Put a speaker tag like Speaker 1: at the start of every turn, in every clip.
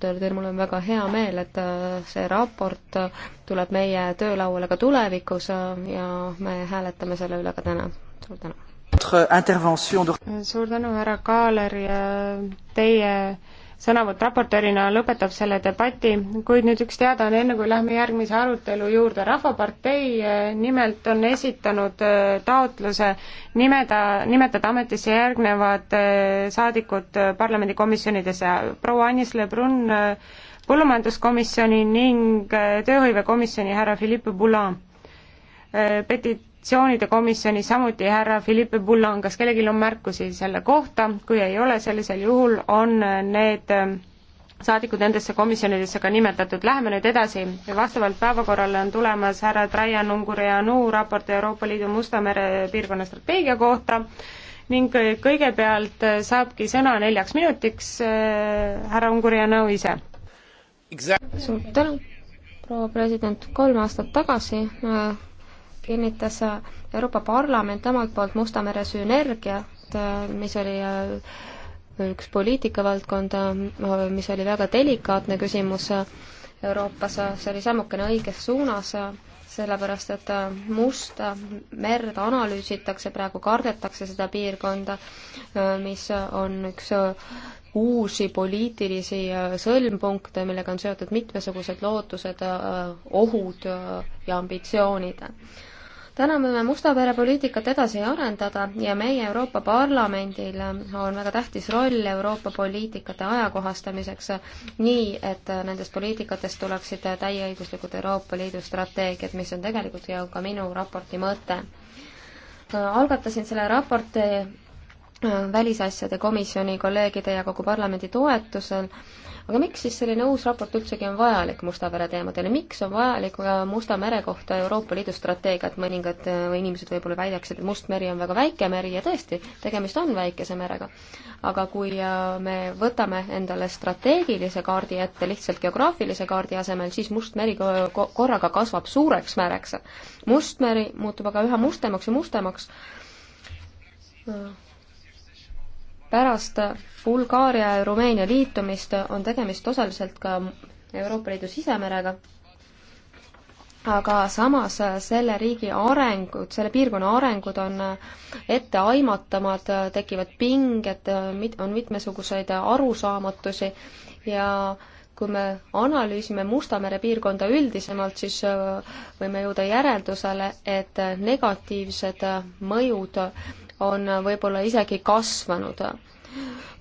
Speaker 1: raportööridel, mul on väga hea meel, et äh, see raport äh, tuleb meie töölauale ka
Speaker 2: tulevikus äh, ja me hääletame selle üle ka täna. suur tänu! suur tänu, härra Kaaler ja teie sõnavõtt raportöörina lõpetab selle debati, kuid nüüd üks teadaanne, enne kui lähme järgmise arutelu juurde. rahvapartei eh, nimelt on esitanud eh, taotluse nimeda, nimetada ametisse järgnevad eh, saadikud parlamendikomisjonidesse. proua Annis Lebrun põllumajanduskomisjoni ning tööhõivekomisjoni härra Philippe Boulin. Petit petitsioonide komisjoni, samuti härra Philippe Boulon, kas kellelgi on märkusi selle kohta, kui ei ole, sellisel juhul on need ähm, saadikud nendesse komisjonidesse ka nimetatud. Läheme nüüd edasi, vastavalt päevakorrale on tulemas härra Traian Ungureanu raport Euroopa Liidu Musta mere piirkonna strateegia kohta ning kõigepealt äh, saabki sõna neljaks minutiks äh, härra Ungureanu ise. suur tänu, proua president, kolm aastat tagasi
Speaker 1: äh kinnitas Euroopa Parlament omalt poolt Musta mere sünergiat, mis oli äh, üks poliitikavaldkond, äh, mis oli väga delikaatne küsimus Euroopas, see oli sammukene õiges suunas, sellepärast et äh, Musta merd analüüsitakse praegu, kardetakse seda piirkonda, mis on üks uusi poliitilisi sõlmpunkte, millega on seotud mitmesugused lootused, ohud ja ambitsioonid täna me võime Mustapere poliitikat edasi arendada ja meie Euroopa Parlamendil on väga tähtis roll Euroopa poliitikate ajakohastamiseks, nii et nendest poliitikatest tuleksid täieõiguslikud Euroopa Liidu strateegiad, mis on tegelikult ju ka minu raporti mõte. algatasin selle raporti välisasjade komisjoni kolleegide ja kogu parlamendi toetusel aga miks siis selline uus raport üldsegi on vajalik Musta mere teemadel ja miks on vajalik Musta mere kohta Euroopa Liidu strateegiat, mõningad äh, inimesed võib-olla väidaksid, et Must meri on väga väike meri ja tõesti, tegemist on väikese merega. aga kui äh, me võtame endale strateegilise kaardi ette lihtsalt geograafilise kaardi asemel, siis Must meri korraga kasvab suureks mereks. Must meri muutub aga üha mustemaks ja mustemaks äh, pärast Bulgaaria ja Rumeenia liitumist on tegemist osaliselt ka Euroopa Liidu sisemerega, aga samas selle riigi arengud, selle piirkonna arengud on etteaimatamad, tekivad pinged, on mitmesuguseid arusaamatusi ja kui me analüüsime Musta mere piirkonda üldisemalt, siis võime jõuda järeldusele, et negatiivsed mõjud on võib-olla isegi kasvanud.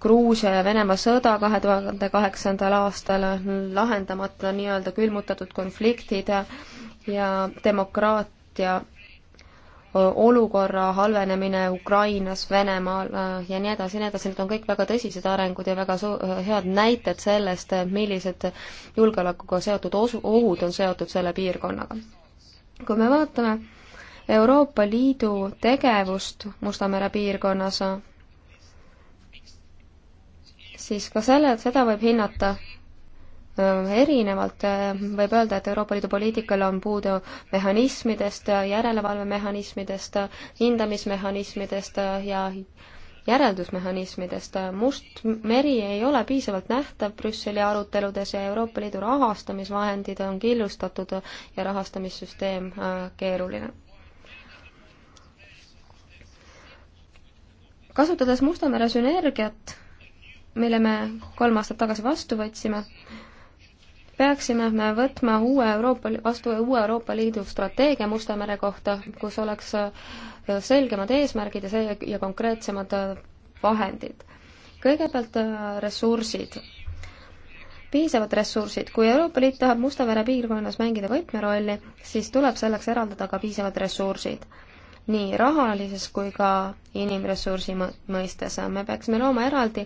Speaker 1: Gruusia ja Venemaa sõda kahe tuhande kaheksandal aastal, lahendamata nii-öelda külmutatud konfliktid ja demokraatia olukorra halvenemine Ukrainas, Venemaal ja nii edasi ja nii edasi, need on kõik väga tõsised arengud ja väga su-, head näited sellest, millised julgeolekuga seotud osu-, ohud on seotud selle piirkonnaga. kui me vaatame Euroopa Liidu tegevust Musta mere piirkonnas, siis ka selle, seda võib hinnata erinevalt, võib öelda, et Euroopa Liidu poliitikal on puudu mehhanismidest, järelevalvemehhanismidest, hindamismehhanismidest ja järeldusmehhanismidest. Must meri ei ole piisavalt nähtav Brüsseli aruteludes ja Euroopa Liidu rahastamisvahendid on killustatud ja rahastamissüsteem keeruline kasutades Mustamere sünergiat, mille me kolm aastat tagasi vastu võtsime, peaksime me võtma uue Euroopa, vastu uue Euroopa Liidu strateegia Musta mere kohta, kus oleks äh, selgemad eesmärgid ja see, ja konkreetsemad äh, vahendid. kõigepealt äh, ressursid. piisavad ressursid. kui Euroopa Liit tahab Musta mere piirkonnas mängida võtmerolli, siis tuleb selleks eraldada ka piisavad ressursid nii rahalises kui ka inimressursi mõistes. me peaksime looma eraldi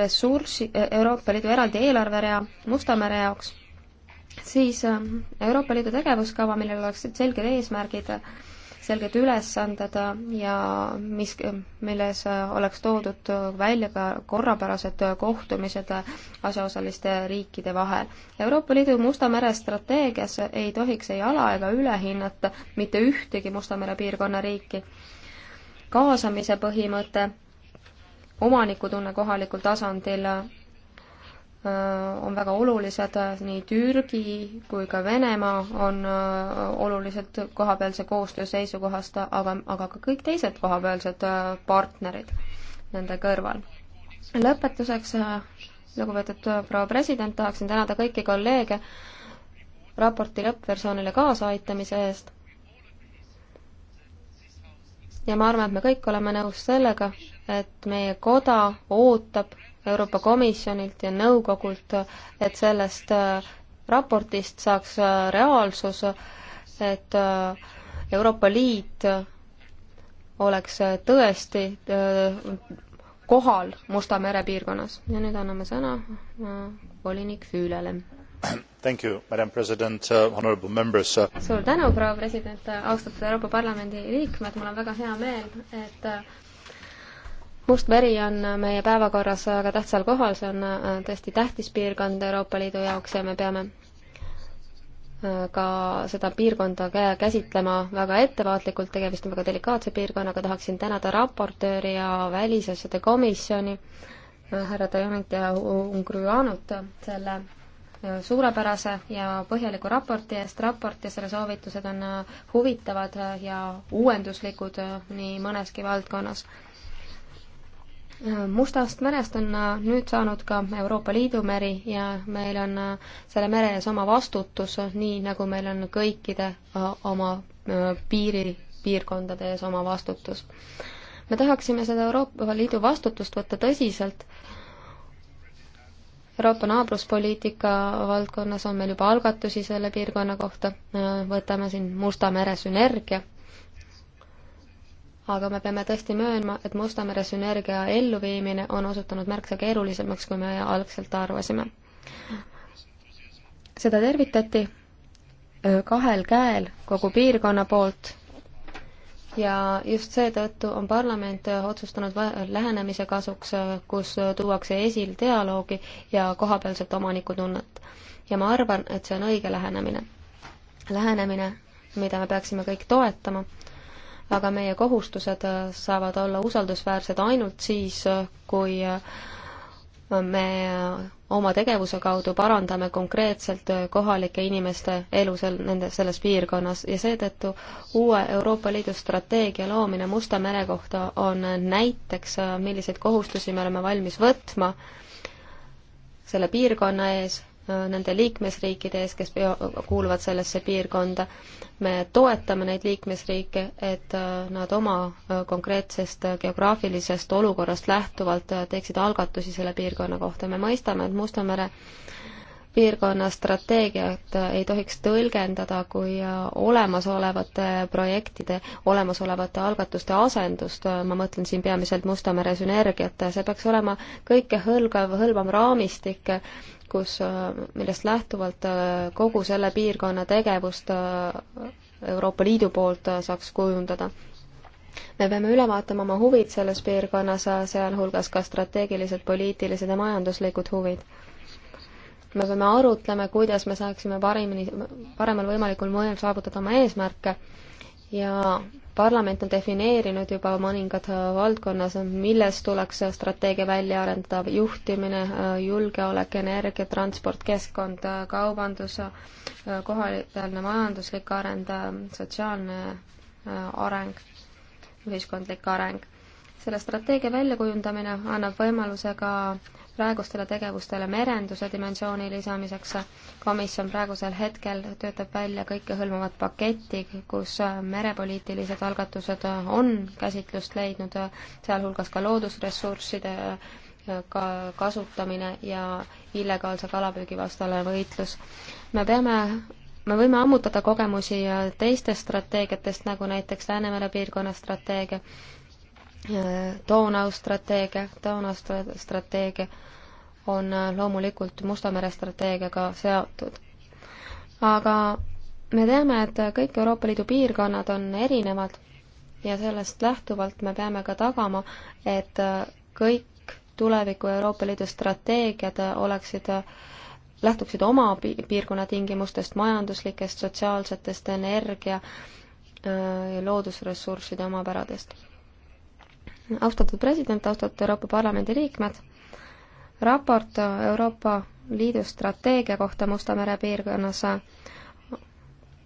Speaker 1: ressurssi, e-, Euroopa Liidu eraldi eelarverea Musta mere jaoks, siis ähm, Euroopa Liidu tegevuskava, millel oleksid selged eesmärgid selged ülesanded ja mis, milles oleks toodud välja ka korrapärased kohtumised asjaosaliste riikide vahel. Euroopa Liidu Musta mere strateegias ei tohiks ei ala- ega ülehinnata mitte ühtegi Musta mere piirkonna riiki. kaasamise põhimõte, omanikutunne kohalikul tasandil Äh, on väga olulised, äh, nii Türgi kui ka Venemaa on äh, olulised kohapealse koostöö seisukohast, aga, aga ka kõik teised kohapealsed partnerid nende kõrval. lõpetuseks, lugupeetud proua president, tahaksin tänada kõiki kolleege raporti lõppversioonile kaasaaitamise eest. ja ma arvan, et me kõik oleme nõus sellega, et meie koda ootab Euroopa Komisjonilt ja nõukogult, et sellest äh, raportist saaks äh, reaalsus, et äh, Euroopa Liit oleks tõesti kohal Musta mere piirkonnas. ja nüüd anname sõna volinik Füülele. Thank you, madam president uh,, honorable members uh.... suur tänu, proua president, austatud Euroopa Parlamendi liikmed, mul on väga hea meel, et uh, Must meri on meie päevakorras väga tähtsal kohal, see on äh, tõesti tähtis piirkond Euroopa Liidu jaoks ja me peame äh, ka seda piirkonda käsitlema väga ettevaatlikult, tegemist on väga delikaatse piirkonnaga, tahaksin tänada raportööri ja välisasjade komisjoni, äh, härra Dajonit ja Ungruanut selle suurepärase ja põhjaliku raporti eest. raport ja selle soovitused on huvitavad ja uuenduslikud nii mõneski valdkonnas Mustast merest on äh, nüüd saanud ka Euroopa Liidu meri ja meil on äh, selle mere ees oma vastutus, nii nagu meil on kõikide äh, oma piiri, piirkondade ees oma vastutus. me tahaksime seda Euroopa Liidu vastutust võtta tõsiselt. Euroopa naabruspoliitika valdkonnas on meil juba algatusi selle piirkonna kohta, võtame siin Musta mere sünergia aga me peame tõesti möönma, et Musta mere sünergia elluviimine on osutunud märksa keerulisemaks, kui me algselt arvasime. seda tervitati kahel käel kogu piirkonna poolt ja just seetõttu on parlament otsustanud lähenemise kasuks, kus tuuakse esil dialoogi ja kohapealset omanikutunnet. ja ma arvan, et see on õige lähenemine. lähenemine, mida me peaksime kõik toetama aga meie kohustused äh, saavad olla usaldusväärsed ainult siis, äh, kui äh, me oma tegevuse kaudu parandame konkreetselt kohalike inimeste elu seal, nende, selles piirkonnas ja seetõttu uue Euroopa Liidu strateegia loomine Musta mere kohta on näiteks, milliseid kohustusi me oleme valmis võtma selle piirkonna ees nende liikmesriikide ees, kes kuuluvad sellesse piirkonda. me toetame neid liikmesriike, et äh, nad oma äh, konkreetsest äh, geograafilisest olukorrast lähtuvalt teeksid algatusi selle piirkonna kohta. me mõistame, et Musta mere piirkonna strateegiat ei tohiks tõlgendada kui olemasolevate projektide, olemasolevate algatuste asendust, ma mõtlen siin peamiselt Musta mere sünergiat, see peaks olema kõikehõlgav, hõlmav raamistik, kus, millest lähtuvalt kogu selle piirkonna tegevust Euroopa Liidu poolt saaks kujundada me peame üle vaatama oma huvid selles piirkonnas, sealhulgas ka strateegilised, poliitilised ja majanduslikud huvid me peame arutlema, kuidas me saaksime parimini, paremal võimalikul moel saavutada oma eesmärke ja parlament on defineerinud juba mõningad äh, valdkonnas, milles tuleks strateegia välja arendada, juhtimine, äh, julgeolek, energia, transport, keskkond, äh, kaubandus, kohalipealne majanduslik areng, sotsiaalne areng, ühiskondlik areng. selle strateegia väljakujundamine annab võimaluse ka praegustele tegevustele merenduse dimensiooni lisamiseks. komisjon praegusel hetkel töötab välja kõikehõlmavat paketti, kus merepoliitilised algatused on käsitlust leidnud, sealhulgas ka loodusressursside äh, ka kasutamine ja illegaalse kalapüügi vastane võitlus. me peame me võime ammutada kogemusi äh, teistest strateegiatest, nagu näiteks Läänemere piirkonna strateegia, Donau strateegia, Donau strateegia on äh, loomulikult Musta mere strateegiaga seotud. aga me teame, et kõik Euroopa Liidu piirkonnad on erinevad ja sellest lähtuvalt me peame ka tagama, et äh, kõik tuleviku Euroopa Liidu strateegiad oleksid äh, lähtuksid oma piirkonna tingimustest, majanduslikest, sotsiaalsetest, energia ja loodusressursside omapäradest austatud president, austatud Euroopa Parlamendi liikmed, raport Euroopa Liidu strateegia kohta Musta mere piirkonnas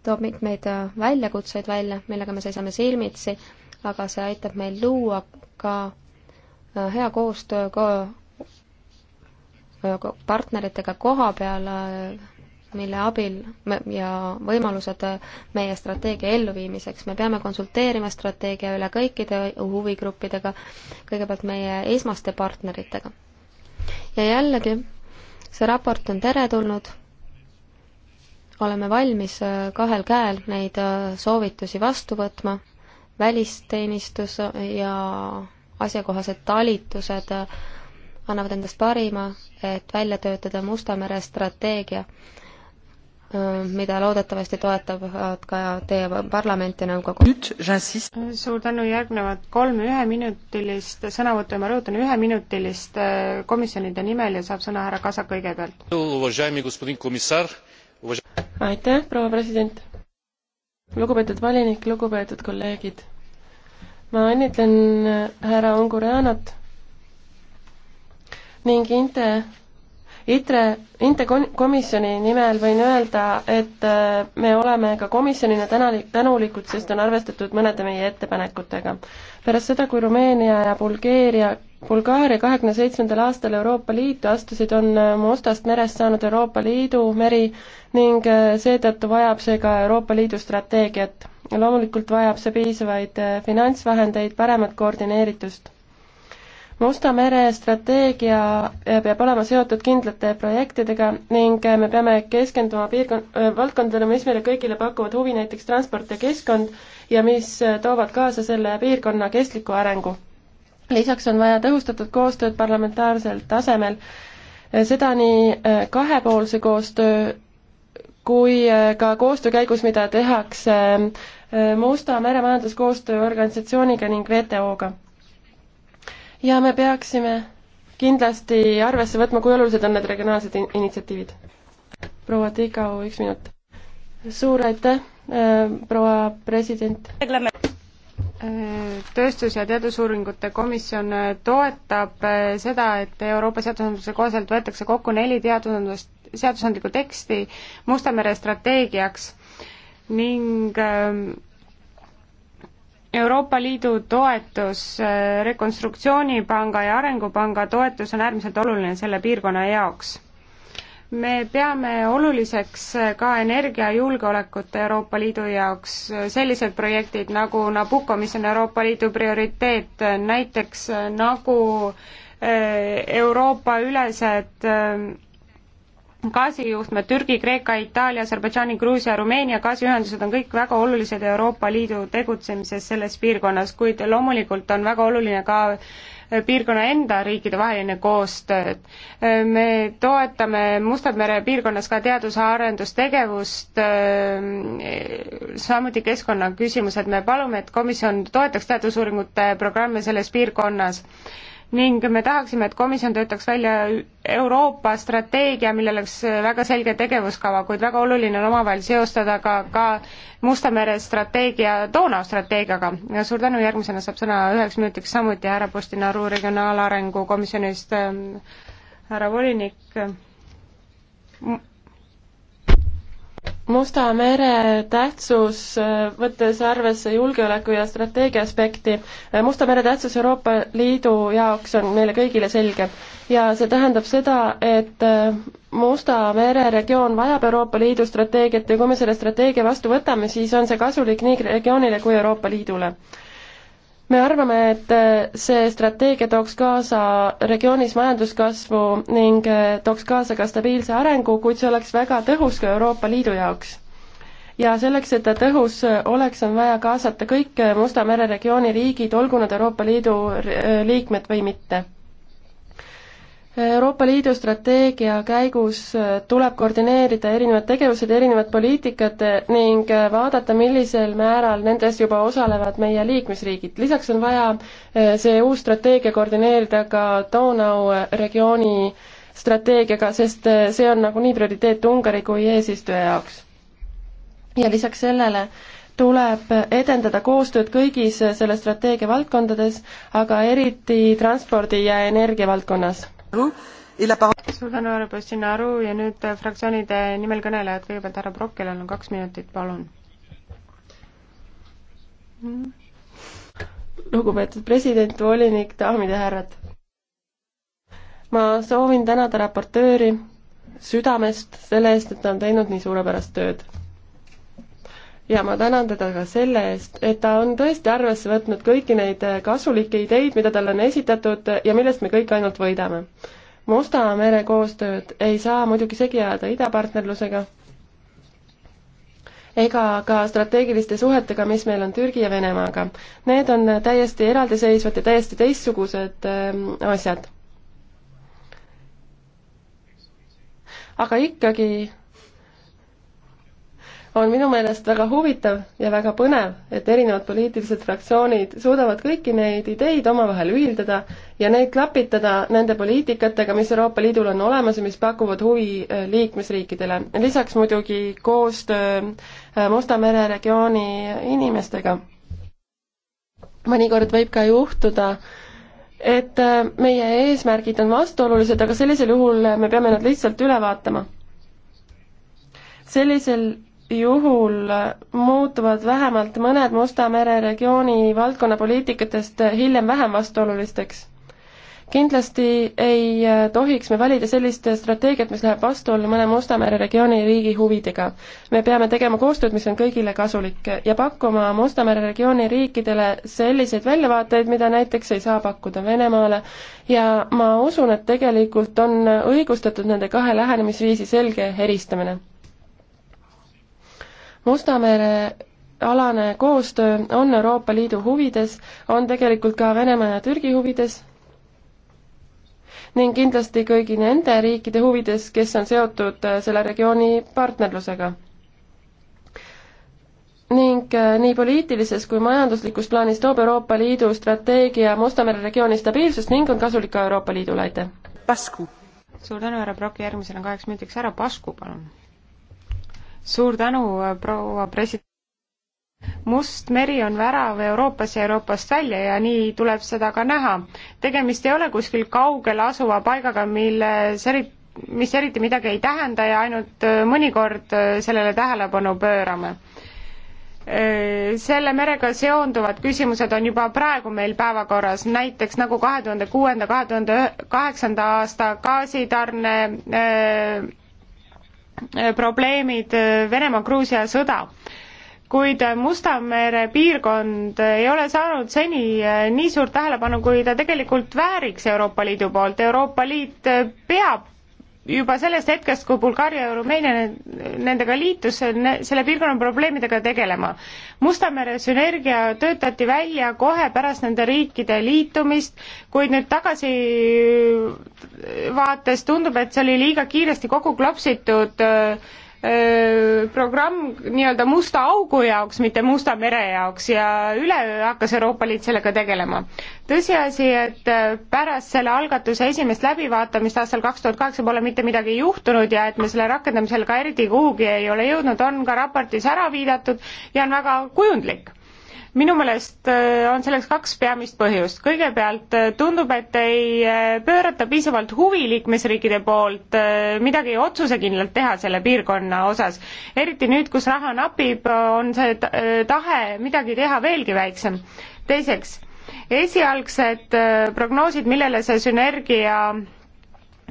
Speaker 1: toob mitmeid väljakutseid välja, millega me seisame silmitsi, aga see aitab meil luua ka hea koostöö ko partneritega koha peal mille abil ja võimalused meie strateegia elluviimiseks. me peame konsulteerima strateegia üle kõikide huvigruppidega, kõigepealt meie esmaste partneritega. ja jällegi, see raport on teretulnud, oleme valmis äh, kahel käel neid äh, soovitusi vastu võtma, välisteenistus ja asjakohased talitused äh, annavad endast parima, et välja töötada Musta mere strateegia mida loodetavasti toetavad ka teie parlament
Speaker 2: ja nõukogu. suur tänu, järgnevad kolm üheminutilist sõnavõttu ja ma rõhutan, üheminutilist äh, komisjonide nimel ja saab sõna härra Kasak kõigepealt. aitäh, proua president! lugupeetud
Speaker 3: volinik, lugupeetud kolleegid! ma õnnitlen äh, härra Ungureanat ning Inte ITRE, INTE komisjoni nimel võin öelda, et äh, me oleme ka komisjonina tänalik, tänulikud, sest on arvestatud mõnede meie ettepanekutega. pärast seda, kui Rumeenia ja Bulgeeria Bulgaaria kahekümne seitsmendal aastal Euroopa Liitu astusid, on äh, Mustast merest saanud Euroopa Liidu meri ning äh, seetõttu vajab see ka Euroopa Liidu strateegiat. loomulikult vajab see piisavaid finantsvahendeid, paremat koordineeritust. Musta mere strateegia peab olema seotud kindlate projektidega ning me peame keskenduma piirkon-, valdkondadele, mis meile kõigile pakuvad huvi, näiteks transport ja keskkond, ja mis toovad kaasa selle piirkonna kestliku arengu. lisaks on vaja tõhustatud koostööd parlamentaarsel tasemel, seda nii kahepoolse koostöö kui ka koostöö käigus, mida tehakse Musta mere majanduskoostöö organisatsiooniga ning WTO-ga ja me peaksime kindlasti arvesse võtma, kui olulised on need regionaalsed in initsiatiivid. proua Tikau, üks minut. suur aitäh, äh, proua
Speaker 2: president tööstus- ja teadusuuringute komisjon äh, toetab äh, seda, et Euroopa seadusandluse kohaselt võetakse kokku neli teadusandlust, seadusandlikku teksti Musta mere strateegiaks ning ähm, Euroopa Liidu toetus äh, Rekonstruktsioonipanga ja Arengupanga toetus on äärmiselt oluline selle piirkonna jaoks. me peame oluliseks äh, ka energiajulgeolekut Euroopa Liidu jaoks, äh, sellised projektid nagu Nabucco, mis on Euroopa Liidu prioriteet, näiteks nagu Euroopa-ülesed gaasijuhtme Türgi, Kreeka, Itaalia, Aserbaidžaani, Gruusia, Rumeenia gaasiühendused on kõik väga olulised Euroopa Liidu tegutsemises selles piirkonnas, kuid loomulikult on väga oluline ka äh, piirkonna enda riikide vaheline koostöö. Äh, me toetame Mustad mere piirkonnas ka teadus- ja arendustegevust, äh, samuti keskkonnaküsimused, me palume, et komisjon toetaks teadusuuringute programme selles piirkonnas ning me tahaksime, et komisjon töötaks välja Euroopa strateegia, millel oleks väga selge tegevuskava, kuid väga oluline on omavahel seostada ka, ka Musta mere strateegia Donau strateegiaga. suur tänu, järgmisena saab sõna üheks minutiks samuti härra Postinaru regionaalarengu komisjonist ähm, härra volinik Musta mere tähtsus, äh, võttes
Speaker 3: arvesse julgeoleku ja strateegia aspekti, äh, Musta mere tähtsus Euroopa Liidu jaoks on meile kõigile selge ja see tähendab seda, et äh, Musta mere regioon vajab Euroopa Liidu strateegiat ja kui me selle strateegia vastu võtame, siis on see kasulik nii regioonile kui Euroopa Liidule me arvame, et äh, see strateegia tooks kaasa regioonis majanduskasvu ning äh, tooks kaasa ka stabiilse arengu, kuid see oleks väga tõhus ka Euroopa Liidu jaoks. ja selleks, et ta tõhus oleks, on vaja kaasata kõik Musta mere regiooni riigid, olgu nad Euroopa Liidu äh, liikmed või mitte Euroopa Liidu strateegia käigus äh, tuleb koordineerida erinevad tegevused, erinevad poliitikad äh, ning äh, vaadata, millisel määral nendes juba osalevad meie liikmesriigid. lisaks on vaja see uus strateegia koordineerida ka Donau regiooni strateegiaga, sest see on nagunii prioriteet Ungari kui eesistuja jaoks. ja lisaks sellele tuleb edendada koostööd kõigis selle strateegia valdkondades, aga eriti transpordi
Speaker 2: ja energia valdkonnas suur tänu, härra Postinaru ja nüüd äh, fraktsioonide nimel kõnelejad, kõigepealt härra Brock, kellel on kaks minutit, palun. lugupeetud president, volinik, daamid ja härrad.
Speaker 3: ma soovin tänada raportööri südamest selle eest, et ta on teinud nii suurepärast tööd ja ma tänan teda ka selle eest, et ta on tõesti arvesse võtnud kõiki neid äh, kasulikke ideid, mida talle on esitatud ja millest me kõik ainult võidame. Musta mere koostööd ei saa muidugi segi ajada idapartnerlusega ega ka strateegiliste suhetega, mis meil on Türgi ja Venemaaga. Need on täiesti eraldiseisvad ja täiesti teistsugused ähm, asjad. aga ikkagi on minu meelest väga huvitav ja väga põnev, et erinevad poliitilised fraktsioonid suudavad kõiki neid ideid omavahel ühildada ja neid klapitada nende poliitikatega, mis Euroopa Liidul on olemas ja mis pakuvad huvi äh, liikmesriikidele. lisaks muidugi koostöö äh, Musta mere regiooni inimestega. mõnikord võib ka juhtuda, et äh, meie eesmärgid on vastuolulised, aga sellisel juhul me peame nad lihtsalt üle vaatama. sellisel juhul muutuvad vähemalt mõned Musta mere regiooni valdkonnapoliitikatest hiljem vähem vastuolulisteks. kindlasti ei tohiks me valida sellist strateegiat, mis läheb vastuollu mõne Musta mere regiooni riigi huvidega. me peame tegema koostööd, mis on kõigile kasulik ja pakkuma Musta mere regiooni riikidele selliseid väljavaateid, mida näiteks ei saa pakkuda Venemaale ja ma usun, et tegelikult on õigustatud nende kahe lähenemisviisi selge eristamine Musta mere alane koostöö on Euroopa Liidu huvides, on tegelikult ka Venemaa ja Türgi huvides ning kindlasti kõigi nende riikide huvides, kes on seotud äh, selle regiooni partnerlusega. ning äh, nii poliitilises kui majanduslikus plaanis toob Euroopa Liidu strateegia Musta mere regiooni stabiilsust ning on kasulik ka Euroopa Liidule, aitäh!
Speaker 2: Pasku! suur tänu, härra Brock, järgmisena kaheks minutiks härra Pasku, palun! suur tänu, äh, proua president. Must meri on värav Euroopas ja Euroopast välja ja nii tuleb seda ka näha. tegemist ei ole kuskil kaugel asuva paigaga, milles eri, mis eriti midagi ei tähenda ja ainult äh, mõnikord äh, sellele tähelepanu pöörame. Selle merega seonduvad küsimused on juba praegu meil päevakorras, näiteks nagu kahe tuhande kuuenda, kahe tuhande kaheksanda aasta gaasitarne Äh, probleemid, äh, Venemaa-Gruusia sõda. kuid Musta mere piirkond ei ole saanud seni äh, nii suurt tähelepanu, kui ta tegelikult vääriks Euroopa Liidu poolt. Euroopa Liit peab juba sellest hetkest, kui Bulgaaria ja Rumeenia nendega liitus, selle piirkonna probleemidega tegelema. Musta mere sünergia töötati välja kohe pärast nende riikide liitumist, kuid nüüd tagasi vaates tundub, et see oli liiga kiiresti kokku klopsitud äh, Äh, programm nii-öelda musta augu jaoks, mitte Musta mere jaoks ja üleöö hakkas Euroopa Liit sellega tegelema. tõsiasi, et äh, pärast selle algatuse esimest läbivaatamist aastal kaks tuhat kaheksa pole mitte midagi juhtunud ja et me selle rakendamisel ka eriti kuhugi ei ole jõudnud, on ka raportis ära viidatud ja on väga kujundlik minu meelest äh, on selleks kaks peamist põhjust. kõigepealt äh, tundub, et ei äh, pöörata piisavalt huvi liikmesriikide poolt midagi otsusekindlalt teha selle piirkonna osas. eriti nüüd, kus raha napib, on see tahe midagi teha veelgi väiksem. teiseks, esialgsed prognoosid, millele see sünergia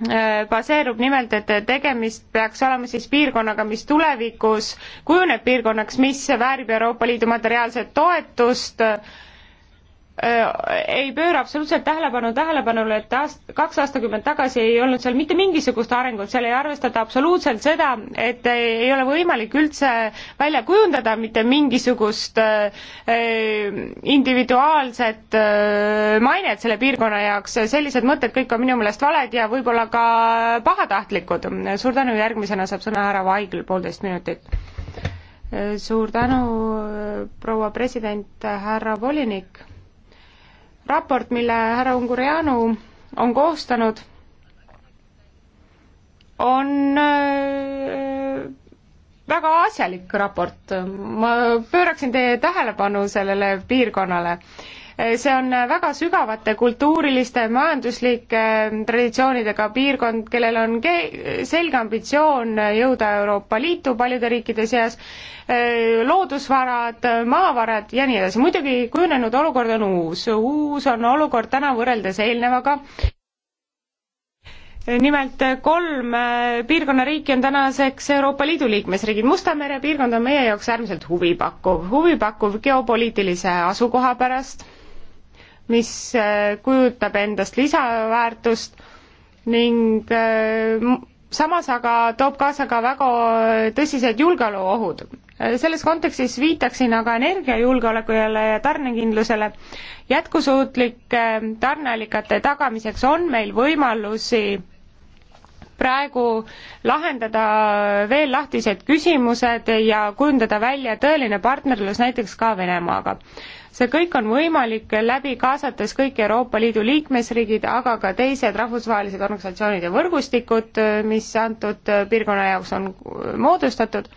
Speaker 2: Äh, baseerub nimelt, et tegemist peaks olema siis piirkonnaga, mis tulevikus kujuneb piirkonnaks, mis väärib Euroopa Liidu materiaalset toetust äh, Äh, ei pööra absoluutselt tähelepanu tähelepanule, et aast-, kaks aastakümmet tagasi ei olnud seal mitte mingisugust arengut, seal ei arvestata absoluutselt seda, et ei ole võimalik üldse välja kujundada mitte mingisugust äh, äh, individuaalset mainet selle piirkonna jaoks, sellised mõtted kõik on minu meelest valed ja võib-olla ka pahatahtlikud. suur tänu, järgmisena saab sõna härra Vaigel, poolteist minutit. suur tänu, proua president, härra volinik raport, mille härra Ungureanu on koostanud, on äh, väga asjalik raport, ma pööraksin teie tähelepanu sellele piirkonnale see on väga sügavate kultuuriliste, majanduslike eh, traditsioonidega piirkond, kellel on ke-, selge ambitsioon jõuda Euroopa Liitu paljude riikide seas, eh, loodusvarad, maavarad ja nii edasi. muidugi kujunenud olukord on uus, uus on olukord täna võrreldes eelnevaga, nimelt kolm eh, piirkonna riiki on tänaseks Euroopa Liidu liikmesriigid. Musta mere piirkond on meie jaoks äärmiselt huvipakkuv, huvipakkuv geopoliitilise asukoha pärast mis äh, kujutab endast lisaväärtust ning äh, samas aga toob kaasa ka väga tõsised julgeolekuohud. Äh, selles kontekstis viitaksin aga energiajulgeolekule ja tarnekindlusele. jätkusuutlike tarneallikate tagamiseks on meil võimalusi praegu lahendada veel lahtised küsimused ja kujundada välja tõeline partnerlus näiteks ka Venemaaga. see kõik on võimalik läbi kaasates kõik Euroopa Liidu liikmesriigid, aga ka teised rahvusvahelised organisatsioonid ja võrgustikud, mis antud piirkonna jaoks on moodustatud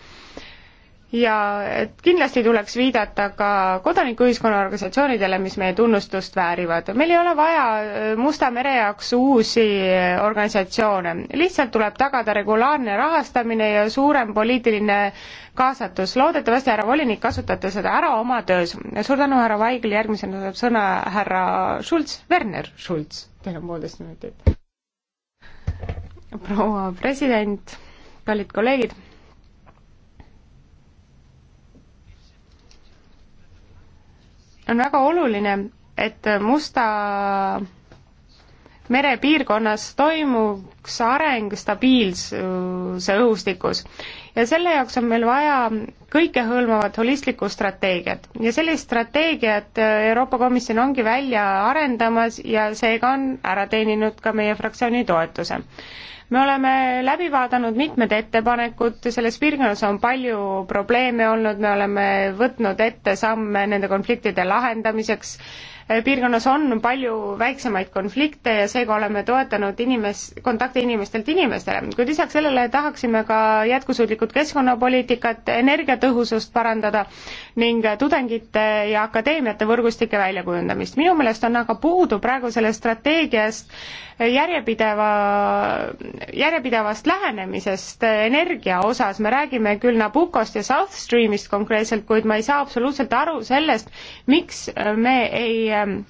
Speaker 2: ja et kindlasti tuleks viidata ka kodanikuühiskonna organisatsioonidele, mis meie tunnustust väärivad. meil ei ole vaja äh, Musta mere jaoks uusi äh, organisatsioone, lihtsalt tuleb tagada regulaarne rahastamine ja suurem poliitiline kaasatus. loodetavasti, härra volinik, kasutate seda ära oma töös. suur tänu, härra Vaigel, järgmisena saab sõna härra Schulz, Werner Schulz, teil on poolteist minutit. proua president, kallid kolleegid on väga oluline, et Musta mere piirkonnas toimuks areng stabiilsuse õhustikus. ja selle jaoks on meil vaja kõikehõlmavat holistlikku strateegiat. ja sellist strateegiat Euroopa Komisjon ongi välja arendamas ja seega on ära teeninud ka meie fraktsiooni toetuse me oleme läbi vaadanud mitmed ettepanekud, selles piirkonnas on palju probleeme olnud, me oleme võtnud ette samme nende konfliktide lahendamiseks Äh, piirkonnas on palju väiksemaid konflikte ja seega oleme toetanud inimes-, kontakte inimestelt inimestele, kuid lisaks sellele tahaksime ka jätkusuutlikult keskkonnapoliitikat, energiatõhusust parandada ning tudengite ja akadeemiate võrgustike väljakujundamist. minu meelest on aga puudu praegu sellest strateegiast järjepideva, järjepidevast lähenemisest energia osas, me räägime küll Nabucost ja South Streamist konkreetselt, kuid ma ei saa absoluutselt aru sellest, miks me ei Ähm,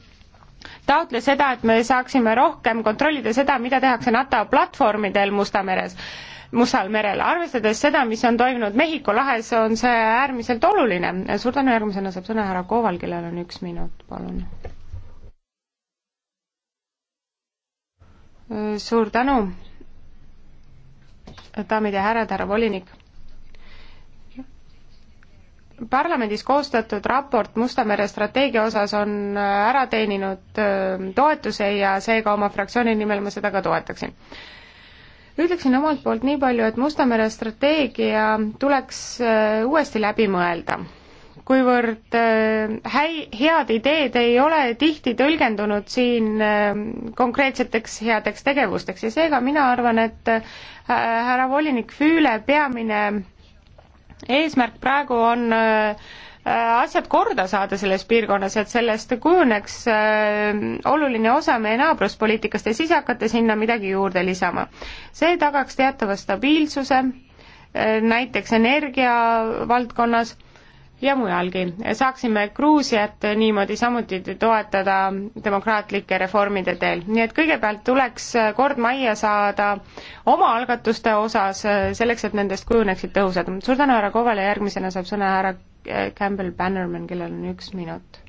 Speaker 2: taotles seda, et me saaksime rohkem kontrollida seda, mida tehakse NATO platvormidel Musta meres, Mustal merel. arvestades seda, mis on toimunud Mehhiko lahes, on see äärmiselt oluline. suur tänu, järgmisena saab sõna härra Koval, kellel on üks minut, palun. suur tänu, daamid ja härrad, härra volinik parlamendis koostatud raport Musta mere strateegia osas on äh, ära teeninud äh, toetuse ja seega oma fraktsiooni nimel ma seda ka toetaksin. ütleksin omalt poolt nii palju, et Musta mere strateegia tuleks äh, uuesti läbi mõelda. kuivõrd häi-, head ideed ei ole tihti tõlgendunud siin konkreetseteks headeks tegevusteks ja seega mina arvan, et härra volinik Füüle peamine eesmärk praegu on äh, asjad korda saada selles piirkonnas, et sellest kujuneks äh, oluline osa meie naabruspoliitikast ja siis hakata sinna midagi juurde lisama. see tagaks teatava stabiilsuse, äh, näiteks energia valdkonnas ja mujalgi. saaksime Gruusiat niimoodi samuti toetada demokraatlike reformide teel. nii et kõigepealt tuleks kord majja saada oma algatuste osas, selleks et nendest kujuneksid tõhusad. suur tänu, härra Koval ja järgmisena saab sõna härra Campbell Bannerman, kellel on üks minut.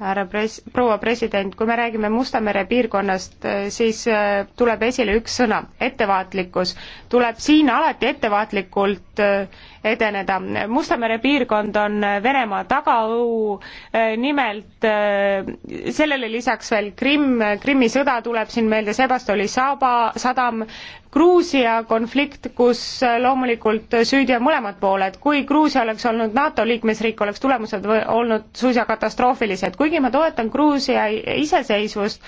Speaker 2: härra pres-, proua president, kui me räägime Musta mere piirkonnast, siis äh, tuleb esile üks sõna, ettevaatlikkus. tuleb siin alati ettevaatlikult äh, edeneda. Musta mere piirkond on Venemaa tagaõu, eh, nimelt eh, sellele lisaks veel Krimm, Krimmi sõda tuleb siin meelde, Sebastoli saba, sadam, Gruusia konflikt, kus loomulikult süüdi on mõlemad pooled, kui Gruusia oleks olnud NATO liikmesriik, oleks tulemused olnud suisa katastroofilised, kuigi ma toetan Gruusia iseseisvust,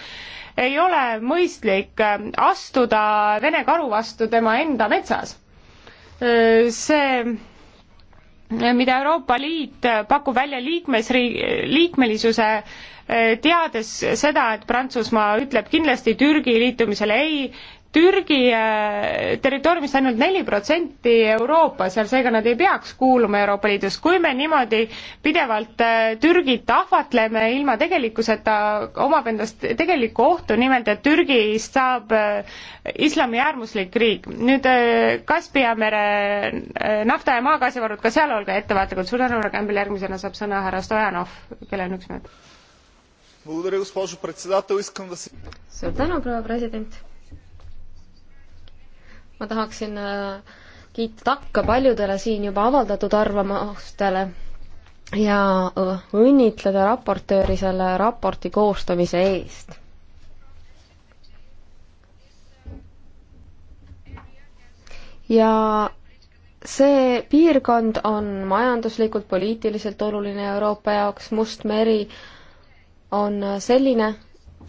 Speaker 2: ei ole mõistlik eh, astuda Vene karu vastu tema enda metsas see mida Euroopa Liit pakub välja liikmesriigi, liikmelisuse teades seda, et Prantsusmaa ütleb kindlasti Türgi liitumisele ei, Türgi äh, territooriumist ainult neli protsenti Euroopas, seal seega nad ei peaks kuuluma Euroopa Liidus. kui me niimoodi pidevalt äh, Türgit ahvatleme ilma tegelikkuseta, omab endast tegelikku ohtu, nimelt et Türgist saab äh, islami äärmuslik riik. nüüd Kaspia mere nafta ja maagaasivarud, ka seal olge ettevaatlikud. suur tänu, härra Kämbel, järgmisena saab sõna härra Stojanov, kellel on üks minut.
Speaker 1: suur tänu, proua president ma tahaksin äh, kiita takka paljudele siin juba avaldatud arvamustele ja äh, õnnitleda raportööri selle raporti koostamise eest. ja see piirkond on majanduslikult, poliitiliselt oluline Euroopa jaoks, Must meri on selline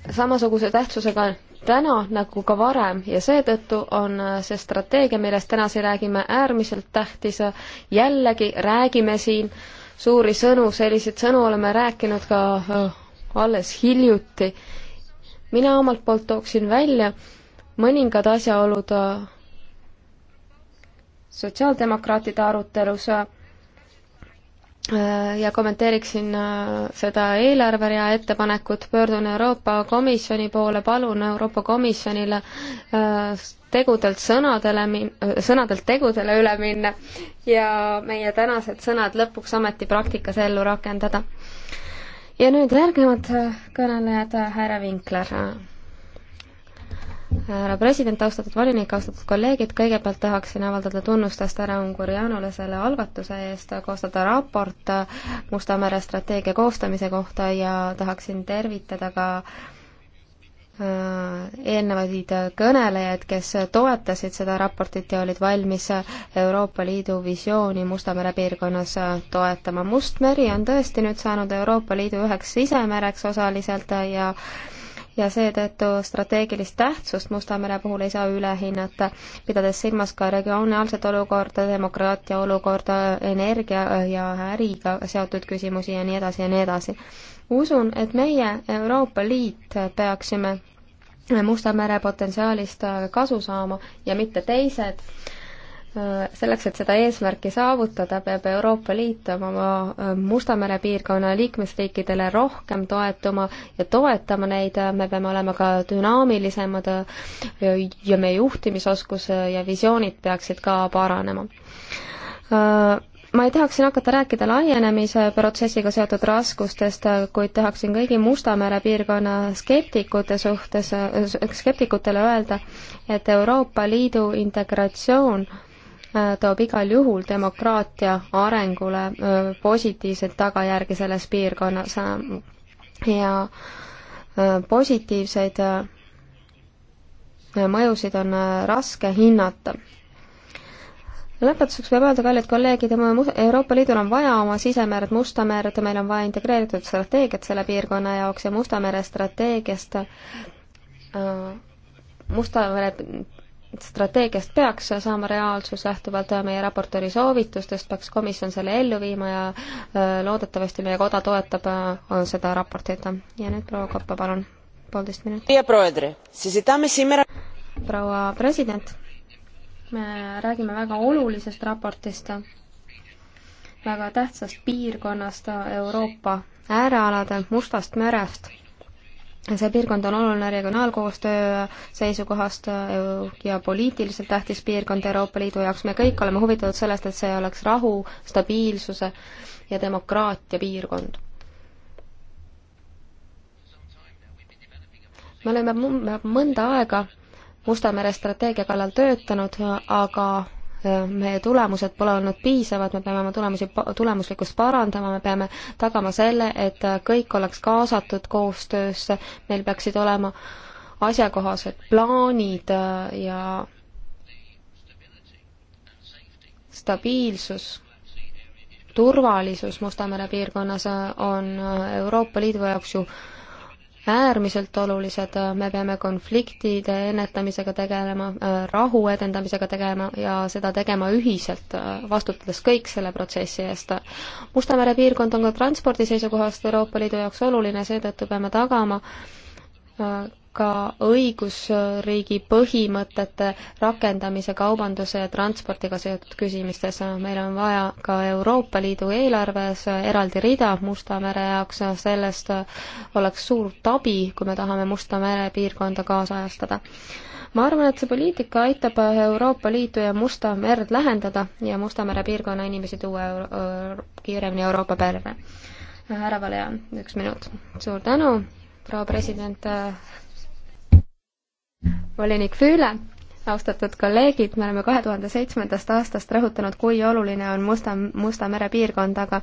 Speaker 1: samasuguse tähtsusega täna nagu ka varem ja seetõttu on äh, see strateegia, millest täna siin räägime, äärmiselt tähtis. jällegi räägime siin suuri sõnu, selliseid sõnu oleme rääkinud ka äh, alles hiljuti. mina omalt poolt tooksin välja mõningad asjaolud äh, sotsiaaldemokraatide arutelus Äh, ja kommenteeriksin äh, seda eelarverea ettepanekut, pöördun Euroopa Komisjoni poole, palun Euroopa Komisjonile äh, tegudelt sõnadele min-, sõnadelt tegudele üle minna ja meie tänased sõnad lõpuks ometi praktikas ellu rakendada. ja nüüd järgnevad kõnelejad, härra Vinkler härra president, austatud volinik, austatud kolleegid, kõigepealt tahaksin avaldada tunnustust härra Ungurjanule selle algatuse eest koostada raport Musta mere strateegia koostamise kohta ja tahaksin tervitada ka äh, eelnevaid kõnelejaid, kes toetasid seda raportit ja olid valmis Euroopa Liidu visiooni Musta mere piirkonnas toetama. Must meri on tõesti nüüd saanud Euroopa Liidu üheks sisemereks osaliselt ja ja seetõttu strateegilist tähtsust Musta mere puhul ei saa üle hinnata, pidades silmas ka regionaalset olukorda, demokraatia olukorda, energia ja äriga seotud küsimusi ja nii edasi ja nii edasi. usun, et meie, Euroopa Liit, peaksime Musta mere potentsiaalist kasu saama ja mitte teised selleks, et seda eesmärki saavutada, peab Euroopa Liit oma äh, Musta mere piirkonna liikmesriikidele rohkem toetuma ja toetama neid, me peame olema ka dünaamilisemad äh, ja meie juhtimisoskus äh, ja visioonid peaksid ka paranema ma ei tahaks siin hakata rääkida laienemise protsessiga seotud raskustest, kuid tahaksin kõigi Musta mere piirkonna skeptikute suhtes, skeptikutele öelda, et Euroopa Liidu integratsioon äh, toob igal juhul demokraatia arengule positiivset tagajärgi selles piirkonnas ja positiivseid mõjusid on raske hinnata lõpetuseks võib öelda, kallid kolleegid, Euroopa Liidul on vaja oma sisemerd, Musta merd, meil on vaja integreeritud strateegiat selle piirkonna jaoks ja Musta mere strateegiast Musta mere strateegiast peaks saama reaalsus, lähtuvalt meie raportööri soovitustest peaks komisjon selle ellu viima ja äh, loodetavasti meie koda toetab äh, seda raportit. ja nüüd proua Koppa, palun, poolteist minutit. proua president, me räägime väga olulisest raportist, väga tähtsast piirkonnast Euroopa äärealadel Mustast merest see piirkond on oluline regionaalkoostöö seisukohast äh, ja poliitiliselt tähtis piirkond Euroopa Liidu jaoks. me kõik oleme huvitatud sellest, et see oleks rahu, stabiilsuse ja demokraatia piirkond. me oleme mõnda aega Musta mere strateegia kallal töötanud, aga meie tulemused pole olnud piisavad, me peame oma tulemusi, tulemuslikkust parandama, me peame tagama selle, et kõik oleks kaasatud koostöösse, meil peaksid olema asjakohased plaanid äh, ja stabiilsus, turvalisus Musta mere piirkonnas äh, on äh, Euroopa Liidu jaoks ju äärmiselt olulised, me peame konfliktide ennetamisega tegelema, rahu edendamisega tegema ja seda tegema ühiselt, vastutades kõik selle protsessi eest. Musta mere piirkond on ka transpordi seisukohast Euroopa Liidu jaoks oluline, seetõttu peame tagama ka õigusriigi põhimõtete rakendamise kaubanduse ja transpordiga seotud küsimistes. meil on vaja ka Euroopa Liidu eelarves eraldi rida Musta mere jaoks, sellest oleks suurt abi, kui me tahame Musta mere piirkonda kaasajastada. ma arvan, et see poliitika aitab Euroopa Liitu ja Musta merd lähendada ja Musta mere piirkonna inimesi tuua euro kiiremini Euroopa perre. härra Valean, üks minut. suur tänu, proua president volinik Füüle, austatud kolleegid, me oleme kahe tuhande seitsmendast aastast rõhutanud, kui oluline on Musta, Musta mere piirkond, aga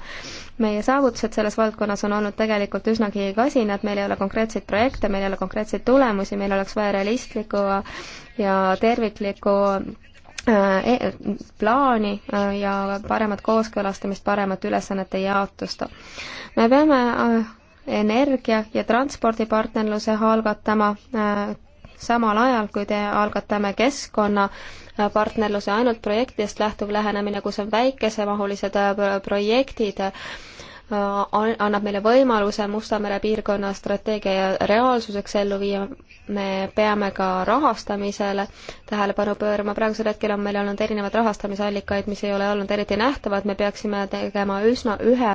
Speaker 1: meie saavutused selles valdkonnas on olnud tegelikult üsnagi kasinad, meil ei ole konkreetseid projekte, meil ei ole konkreetseid tulemusi, meil oleks vaja realistlikku ja terviklikku äh, e, plaani äh, ja paremat kooskõlastamist, paremat ülesannete jaotust. me peame äh, energia- ja transpordipartnerluse algatama samal ajal, kui te algatame keskkonnapartnerluse ainult projektidest lähtuv lähenemine, kus on väikesemahulised äh, projektid Äh, annab meile võimaluse Musta mere piirkonna strateegia reaalsuseks ellu viia. me peame ka rahastamisele tähelepanu pöörama, praegusel hetkel on meil olnud erinevaid rahastamisallikaid, mis ei ole olnud eriti nähtavad, me peaksime tegema üsna ühe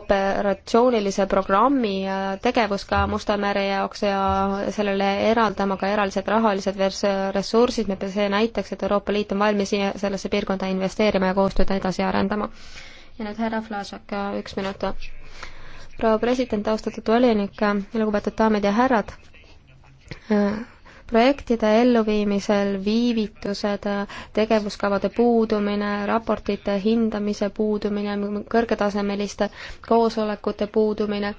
Speaker 1: operatsioonilise programmi ja tegevus ka Musta mere jaoks ja sellele eraldama ka eraldised rahalised ressursid, me, see näitaks, et Euroopa Liit on valmis sellesse piirkonda investeerima ja koostööd edasi arendama ja nüüd härra Flašak, üks minut. proua president, austatud volinik, lugupeetud daamid ja härrad, projektide elluviimisel viivitused, tegevuskavade puudumine, raportite hindamise puudumine, kõrgetasemeliste koosolekute puudumine,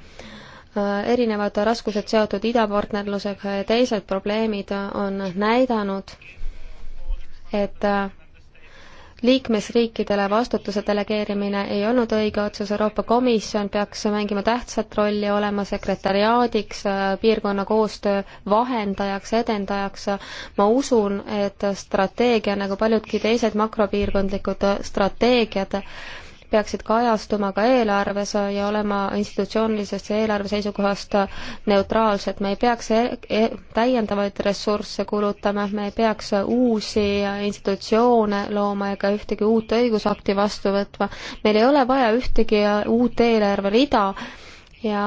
Speaker 1: erinevad raskused seotud idapartnerlusega ja teised probleemid on näidanud, et liikmesriikidele vastutuse delegeerimine ei olnud õige otsus, Euroopa Komisjon peaks mängima tähtsat rolli, olema sekretariaadiks, piirkonna koostöö vahendajaks, edendajaks. ma usun, et strateegia, nagu paljudki teised makropiirkondlikud strateegiad, peaksid kajastuma ka eelarves ja olema institutsioonilisest ja eelarve seisukohast neutraalsed. me ei peaks e-, e-, täiendavaid ressursse kulutama, me ei peaks uusi institutsioone looma ega ühtegi uut õigusakti vastu võtma. meil ei ole vaja ühtegi uut eelarverida ja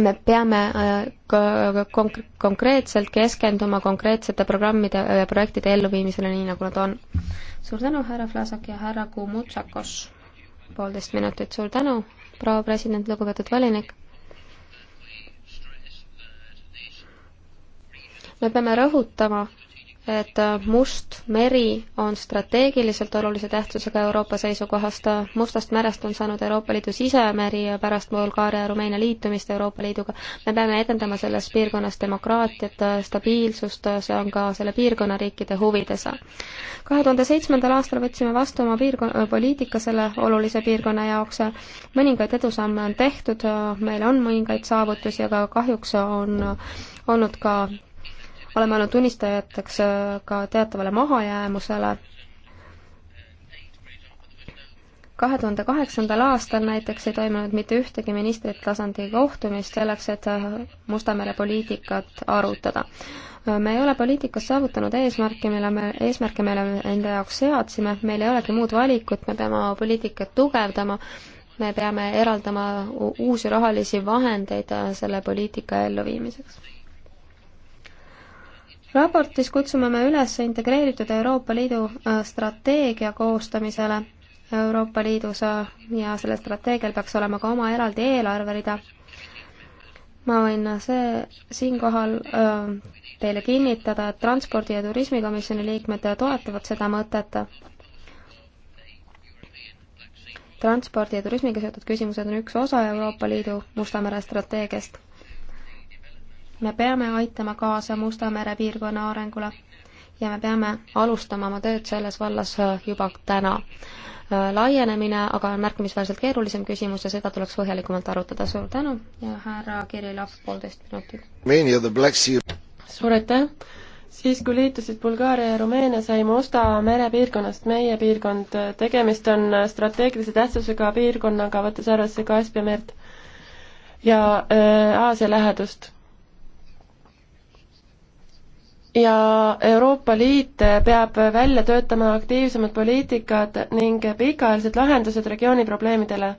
Speaker 1: me peame äh, konk-, konkreetselt keskenduma konkreetsete programmide ja äh, projektide elluviimisele, nii nagu nad on. suur tänu, härra Vlasak ja härra Kumutšakos. poolteist minutit, suur tänu, proua president, lugupeetud volinik. me peame rõhutama et Must meri on strateegiliselt olulise tähtsusega Euroopa seisukohast. Mustast merest on saanud Euroopa Liidu sisemeri ja pärast Bulgaaria ja Rumeenia liitumist Euroopa Liiduga. me peame edendama selles piirkonnas demokraatiat, stabiilsust, see on ka selle piirkonna riikide huvides. kahe tuhande seitsmendal aastal võtsime vastu oma piirkonna, poliitika selle olulise piirkonna jaoks. mõningaid edusamme on tehtud, meil on mõningaid saavutusi, aga kahjuks on olnud ka oleme olnud tunnistajateks äh, ka teatavale mahajäämusele. kahe tuhande kaheksandal aastal näiteks ei toimunud mitte ühtegi ministrite tasandi kohtumist selleks, et äh, Musta mere poliitikat arutada äh, me ei ole poliitikas saavutanud eesmärke, mille me, eesmärke, mille me enda jaoks seadsime, meil ei olegi muud valikut, me peame oma poliitikat tugevdama, me peame eraldama uusi rahalisi vahendeid selle poliitika elluviimiseks raportis kutsume me üles integreeritud Euroopa Liidu äh, strateegia koostamisele Euroopa Liidus äh, ja sellel strateegial peaks olema ka oma eraldi eelarverida. ma võin äh, see siinkohal teile kinnitada, et Transpordi- ja Turismikomisjoni liikmed toetavad seda mõtet. transpordi ja turismiga seotud küsimused on üks osa Euroopa Liidu Musta mere strateegiast me peame aitama kaasa Musta mere piirkonna arengule ja me peame alustama oma tööd selles vallas äh, juba täna. Äh, laienemine aga on märkimisväärselt keerulisem küsimus ja seda tuleks põhjalikumalt arutada. suur
Speaker 3: tänu ja härra Kirillov, poolteist
Speaker 2: minutit.
Speaker 3: suur aitäh! siis, kui liitusid Bulgaaria ja Rumeenia, sai Musta mere piirkonnast meie piirkond. tegemist on strateegilise tähtsusega piirkonnaga, võttes arvesse Kaspia merd ja äh, Aasia lähedust ja Euroopa Liit peab välja töötama aktiivsemad poliitikad ning pikaajalised lahendused regiooni probleemidele.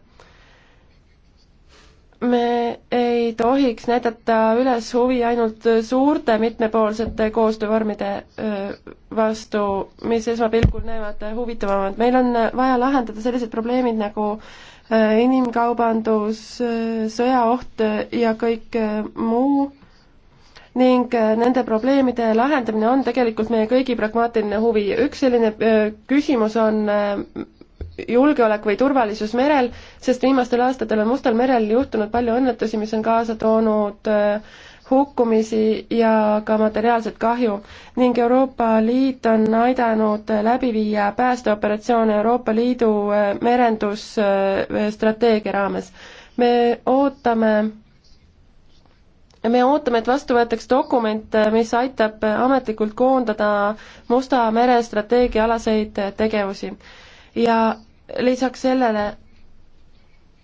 Speaker 3: me ei tohiks näidata üles huvi ainult suurte mitmepoolsete koostöövormide vastu, mis esmapilgul näevad huvitavamad. meil on vaja lahendada sellised probleemid nagu inimkaubandus, sõjaoht ja kõik muu ning äh, nende probleemide lahendamine on tegelikult meie kõigi pragmaatiline huvi. üks selline äh, küsimus on äh, julgeolek või turvalisus merel, sest viimastel aastatel on Mustal merel juhtunud palju õnnetusi, mis on kaasa toonud hukkumisi ja ka materiaalset kahju ning Euroopa Liit on aidanud läbi viia päästeoperatsioone Euroopa Liidu merendusstrateegia raames. me ootame me ootame, et vastu võetaks dokument, äh, mis aitab äh, ametlikult koondada Musta mere strateegiaalaseid äh, tegevusi. ja lisaks sellele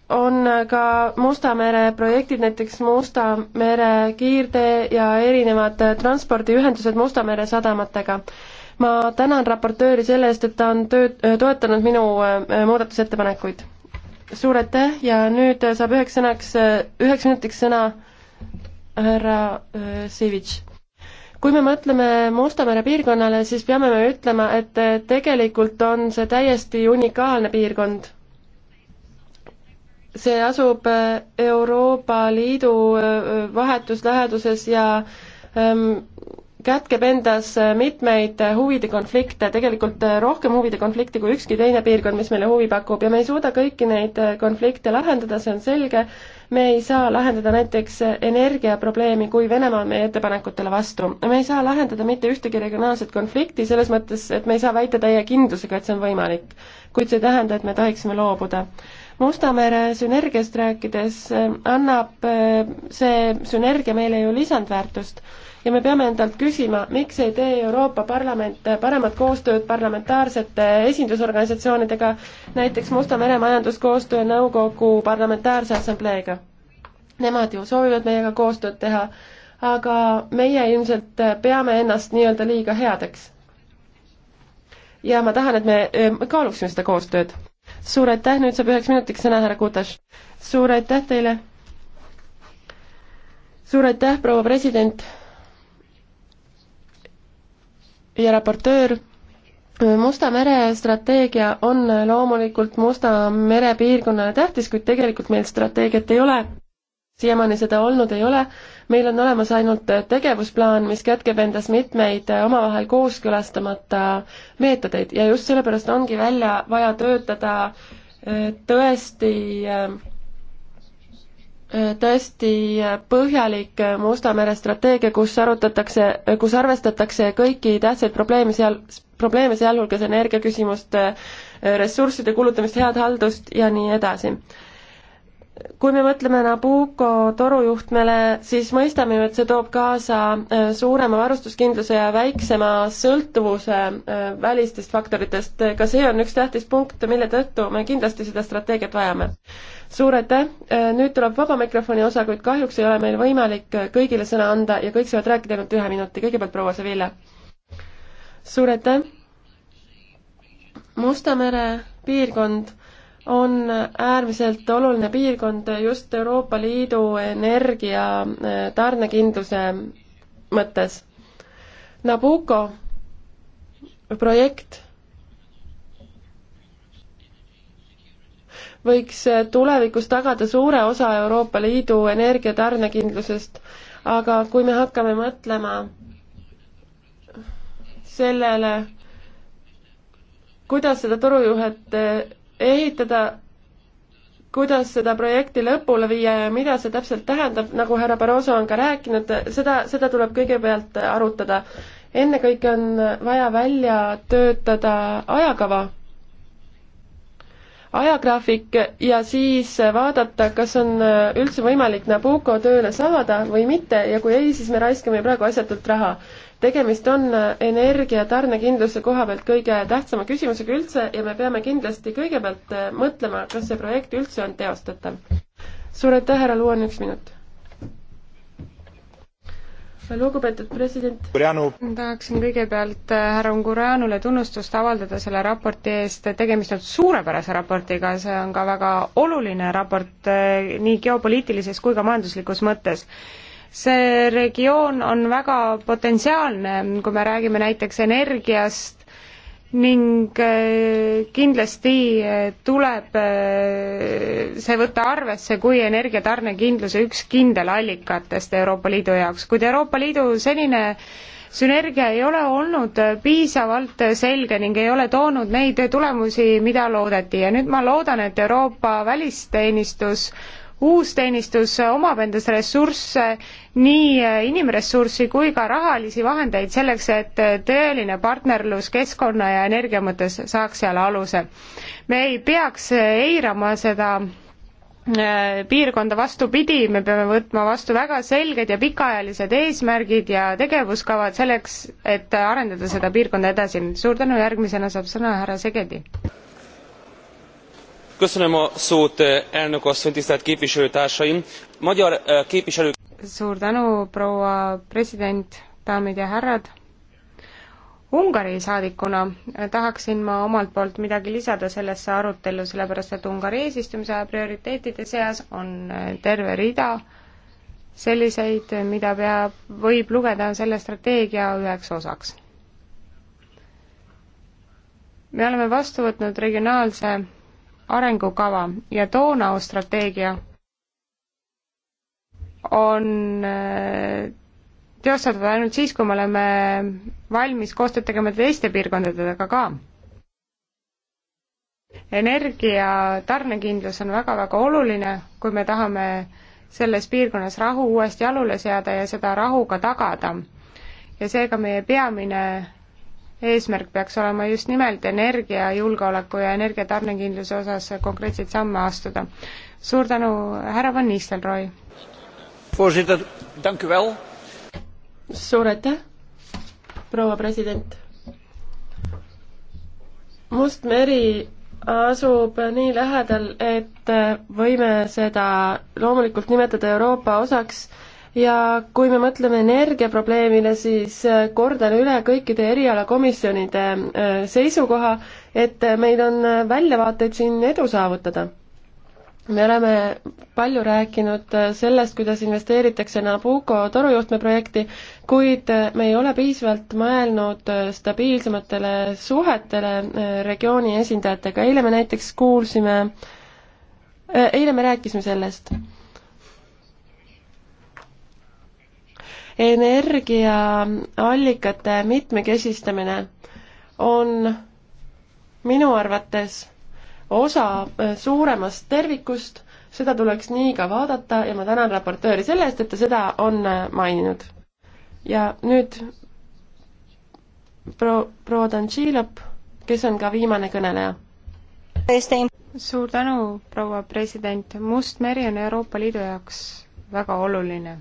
Speaker 3: on ka Musta mere projektid, näiteks Musta mere kiirtee ja erinevad transpordiühendused Musta mere sadamatega. ma tänan raportööri selle eest, et ta on tööd, toetanud minu muudatusettepanekuid. suur aitäh ja nüüd saab üheks sõnaks, üheks minutiks sõna härra äh, Sivitš. kui me mõtleme Musta mere piirkonnale, siis peame me ütlema, et äh, tegelikult on see täiesti unikaalne piirkond. see asub äh, Euroopa Liidu vahetus läheduses ja ähm, kätkeb endas mitmeid huvide konflikte, tegelikult rohkem huvide konflikte kui ükski teine piirkond, mis meile huvi pakub ja me ei suuda kõiki neid konflikte lahendada, see on selge, me ei saa lahendada näiteks energiaprobleemi, kui Venemaa on meie ettepanekutele vastu. me ei saa lahendada mitte ühtegi regionaalset konflikti, selles mõttes, et me ei saa väita täie kindlusega, et see on võimalik. kuid see ei tähenda, et me tohiksime loobuda Musta mere sünergiast rääkides annab eh, see sünergia meile ju lisandväärtust ja me peame endalt küsima, miks ei tee Euroopa Parlament paremat koostööd parlamentaarsete esindusorganisatsioonidega, näiteks Musta mere majanduskoostöö nõukogu parlamentaarse assambleega. Nemad ju soovivad meiega koostööd teha, aga meie ilmselt peame ennast nii-öelda liiga headeks. ja ma tahan, et me kaaluksime seda koostööd. suur aitäh, nüüd saab üheks minutiks sõna härra Kutaš. suur aitäh teile! suur aitäh, proua president! ja raportöör äh, Musta mere strateegia on loomulikult Musta mere piirkonnale tähtis, kuid tegelikult meil strateegiat ei ole. siiamaani seda olnud ei ole. meil on olemas ainult tegevusplaan, mis kätkeb endas mitmeid omavahel kooskõlastamata meetodeid ja just sellepärast ongi välja vaja töötada äh, tõesti äh, Äh, tõesti äh, põhjalik äh, Musta mere strateegia, kus arutatakse, kus arvestatakse kõiki tähtsaid probleeme seal, probleeme, sealhulgas energiaküsimust, ressursside kulutamist, head haldust ja nii edasi kui me mõtleme Nabucco torujuhtmele, siis mõistame ju, et see toob kaasa äh, suurema varustuskindluse ja väiksema sõltuvuse äh, välistest faktoritest. ka see on üks tähtis punkt, mille tõttu me kindlasti seda strateegiat vajame. suur aitäh, äh, nüüd tuleb vaba mikrofoni osa, kuid kahjuks ei ole meil võimalik kõigile sõna anda ja kõik saavad rääkida ainult ühe minuti, kõigepealt proua Sevilla. suur aitäh! Musta mere piirkond on äärmiselt oluline piirkond just Euroopa Liidu energia äh, tarnekindluse mõttes. Nabucco projekt võiks tulevikus tagada suure osa Euroopa Liidu energia tarnekindlusest, aga kui me hakkame mõtlema sellele, kuidas seda torujuhet äh, ehitada, kuidas seda projekti lõpule viia ja mida see täpselt tähendab, nagu härra Barroso on ka rääkinud, seda, seda tuleb kõigepealt arutada. ennekõike on vaja välja töötada ajakava ajagraafik ja siis vaadata, kas on üldse võimalik Nabucco tööle saada või mitte ja kui ei, siis me raiskame praegu asjatult raha. tegemist on energia tarnekindluse koha pealt kõige tähtsama küsimusega üldse ja me peame kindlasti kõigepealt mõtlema, kas see projekt üldse on teostatav. suur aitäh, härra Luan, üks minut lugupeetud president.
Speaker 2: tahaksin kõigepealt äh, härra Ungureanule tunnustust avaldada selle raporti eest, tegemist on suurepärase raportiga, see on ka väga oluline raport äh, nii geopoliitilises kui ka majanduslikus mõttes see regioon on väga potentsiaalne, kui me räägime näiteks energiast, ning äh, kindlasti äh, tuleb äh, see võtta arvesse kui energiatarnekindluse üks kindel allikatest Euroopa Liidu jaoks, kuid Euroopa Liidu senine sünergia ei ole olnud piisavalt selge ning ei ole toonud neid tulemusi, mida loodeti ja nüüd ma loodan, et Euroopa välisteenistus uus teenistus omab endas ressursse, nii inimressurssi kui ka rahalisi vahendeid selleks, et tõeline partnerlus keskkonna ja energia mõttes saaks seal aluse. me ei peaks eirama seda äh, piirkonda, vastupidi, me peame võtma vastu väga selged ja pikaajalised eesmärgid ja tegevuskavad selleks, et arendada seda piirkonda edasi. suur tänu, järgmisena saab sõna härra Segedi.
Speaker 1: Eh, elnök asszony tisztelt képviselőtársaim!
Speaker 2: magyar eh, képviselők. suur tänu proua president daamid ja härrad! ungari saadikuna eh, tahaksin ma omalt poolt midagi lisada sellesse arutellu sellepärast et ungari eesistumise aja prioriteetide seas on terve rida selliseid mida peab võib lugeda selle strateegia üheks osaks me oleme vastu võtnud regionaalse arengukava ja Donau strateegia on äh, teostatud ainult siis, kui me oleme valmis koostööd tegema teiste piirkondadega ka. energia tarnekindlus on väga-väga oluline, kui me tahame selles piirkonnas rahu uuesti jalule seada ja seda rahu ka tagada. ja seega meie peamine eesmärk peaks olema just nimelt energiajulgeoleku ja energiatarnekindluse osas konkreetseid samme astuda. suur tänu, härra Van Nistelrooy! suur aitäh,
Speaker 3: proua president! Must meri asub nii lähedal, et võime seda loomulikult nimetada Euroopa osaks ja kui me mõtleme energiaprobleemile, siis äh, kordan üle kõikide erialakomisjonide äh, seisukoha, et äh, meil on väljavaateid siin edu saavutada. me oleme palju rääkinud sellest, kuidas investeeritakse Nabucco torujuhtme projekti, kuid me ei ole piisavalt mõelnud stabiilsematele suhetele regiooni esindajatega, eile me näiteks kuulsime, eile me rääkisime sellest energiaallikate mitmekesistamine on minu arvates osa äh, suuremast tervikust, seda tuleks nii ka vaadata ja ma tänan raportööri selle eest, et ta seda on äh, maininud. ja nüüd
Speaker 2: pro-, proua Danšilov, kes on ka viimane kõneleja. suur tänu, proua president, Must meri on Euroopa Liidu jaoks väga oluline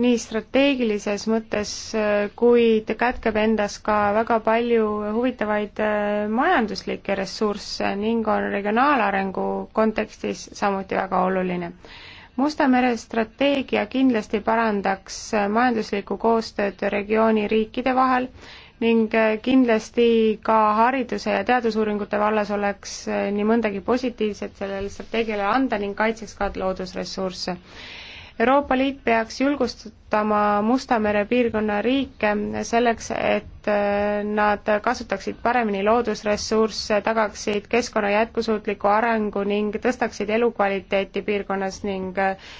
Speaker 2: nii strateegilises mõttes, äh, kuid kätkeb endas ka väga palju huvitavaid äh, majanduslikke ressursse ning on regionaalarengu kontekstis samuti väga oluline. Musta mere strateegia kindlasti parandaks äh, majanduslikku koostööd regiooni riikide vahel ning kindlasti ka hariduse ja teadusuuringute vallas oleks nii mõndagi positiivset sellele strateegiale anda ning kaitseks ka loodusressursse Euroopa Liit peaks julgustama Musta mere piirkonna riike selleks, et äh, nad kasutaksid paremini loodusressursse, tagaksid keskkonna jätkusuutliku arengu ning tõstaksid elukvaliteeti piirkonnas ning äh,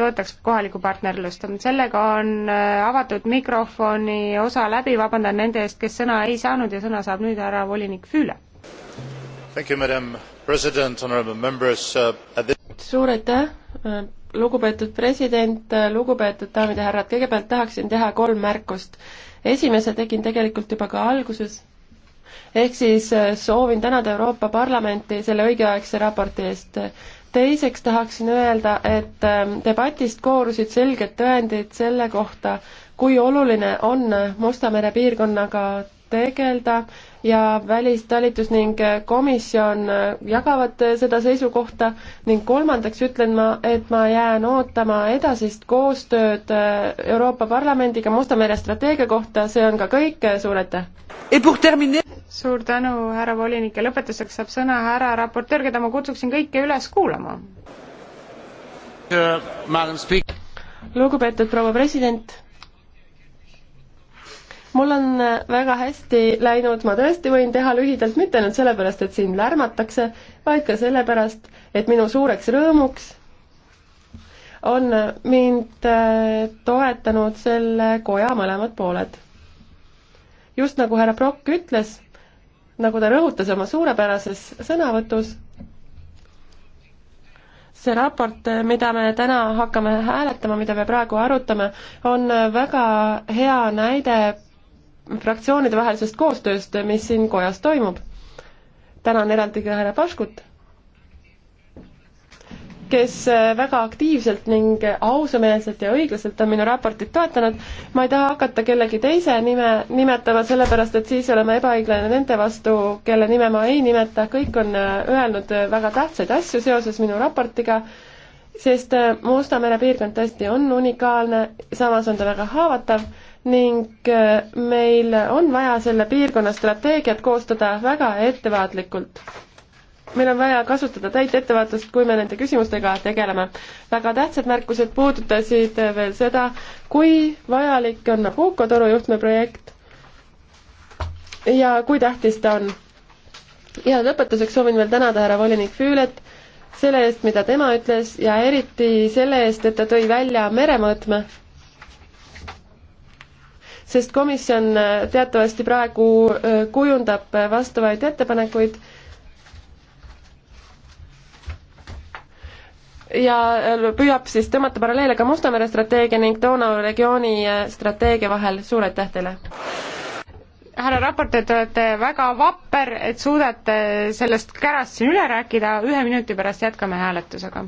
Speaker 2: toetaks kohalikku partnerlust. sellega on äh, avatud mikrofoni osa läbi, vabandan nende eest, kes sõna ei saanud ja sõna saab nüüd härra volinik Füüle.
Speaker 1: Thank you, madam president, honorable members uh,. At this
Speaker 2: suur aitäh,
Speaker 3: lugupeetud president, lugupeetud daamid ja härrad, kõigepealt tahaksin teha kolm märkust. esimese tegin tegelikult juba ka alguses, ehk siis äh, soovin tänada Euroopa Parlamenti selle õigeaegse raporti eest. teiseks tahaksin öelda, et ähm, debatist koorusid selged tõendid selle kohta, kui oluline on Musta mere piirkonnaga tegeleda ja välistalitus ning komisjon jagavad seda seisukohta ning kolmandaks ütlen ma, et ma jään ootama edasist koostööd Euroopa Parlamendiga Musta mere strateegia
Speaker 2: kohta, see on ka kõik, suur aitäh! suur tänu, härra volinik ja lõpetuseks saab sõna härra raportöör, keda ma kutsuksin kõiki üles kuulama. Uh, lugupeetud proua president
Speaker 3: mul on äh, väga hästi läinud, ma tõesti võin teha lühidalt, mitte ainult sellepärast, et siin lärmatakse, vaid ka sellepärast, et minu suureks rõõmuks on äh, mind äh, toetanud selle koja mõlemad pooled. just nagu härra Prokk ütles, nagu ta rõhutas oma suurepärases sõnavõtus, see raport, mida me täna hakkame hääletama, mida me praegu arutame, on väga hea näide fraktsioonide vahelisest koostööst, mis siin kojas toimub. tänan eraldi ka härra Paškut, kes väga aktiivselt ning ausameelselt ja õiglaselt on minu raportit toetanud. ma ei taha hakata kellegi teise nime nimetama, sellepärast et siis oleme ebaõiglane nende vastu, kelle nime ma ei nimeta, kõik on öelnud väga tähtsaid asju seoses minu raportiga sest Musta mere piirkond tõesti on unikaalne, samas on ta väga haavatav ning äh, meil on vaja selle piirkonna strateegiat koostada väga ettevaatlikult. meil on vaja kasutada täit ettevaatust, kui me nende küsimustega tegeleme. väga tähtsad märkused puudutasid veel seda, kui vajalik on Nabucco torujuhtme projekt ja kui tähtis ta on. ja lõpetuseks soovin veel tänada härra volinik Füület selle eest, mida tema ütles ja eriti selle eest, et ta tõi välja meremõõtme sest komisjon äh, teatavasti praegu äh, kujundab äh, vastavaid ettepanekuid ja püüab siis tõmmata paralleele ka Mustamere strateegia ning Donau regiooni strateegia vahel, suur
Speaker 2: aitäh teile! härra raportöör, te olete väga vapper, et suudate sellest kärast siin üle rääkida, ühe minuti pärast jätkame hääletusega.